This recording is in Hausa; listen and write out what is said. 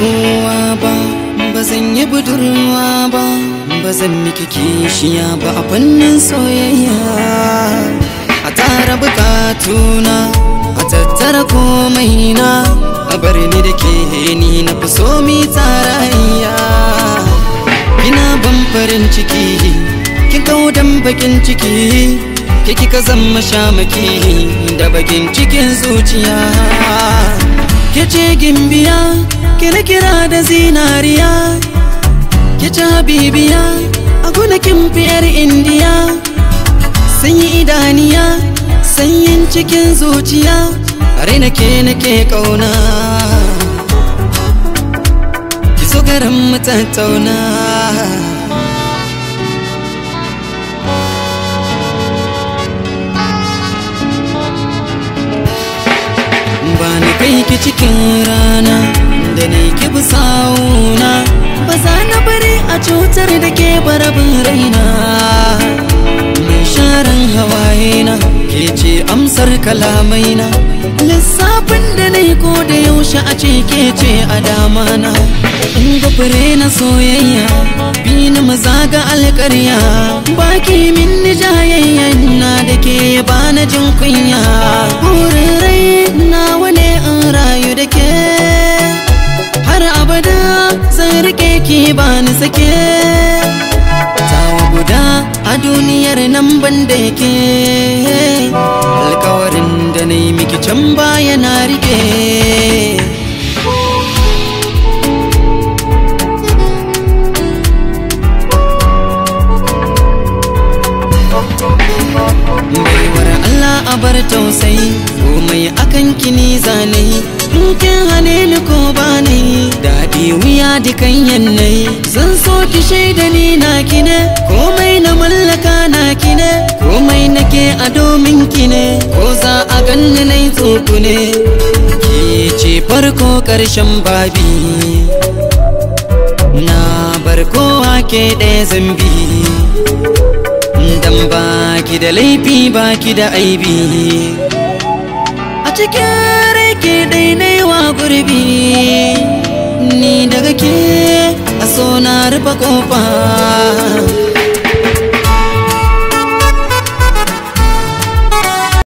kowa ba ba zan yi budurwa ba ba zan miki kishiya ba a fannin soyayya a tara bukatuna a tattara komai na a bar ni da ke ni na fi so mi tarayya kina ban farin ciki kin kaudan bakin ciki ke kika zama shamaki da bakin cikin zuciya ke ce gimbiya kira da zinariya ke ce habibiya a gunakin fiyar indiya sanyi idaniya sanyin cikin zuciya ke nake nake kauna ki so garin matattauna cikin rana da na ki bi ba za na bari a cutar da ke barabin raina mai sharan hawayena ke ce amsar kalamaina lissafin da na yi ko da yaushe a ce ke ce a damana in gafare na soyayya bi na maza ga alƙarya baki min nijayayya na da ke ba na jin kunya rike ki ba ni sake tawa guda a duniyar nan ban da yake alkawarin da na yi miki can baya na rike baiwar Allah a bar tausayi komai akan kini zanayi in kin hane ni ko ba ni. dukan yanayi zan so ki shaida ni na kine komai na mallaka na kine komai nake a domin kine ko za a ganni nai tsokune ki ce farko karshen babi na bar kowa ke ɗaya zambi dan baki da laifi baki da aibi a cikin rai ke ɗai na wa gurbi په کوپا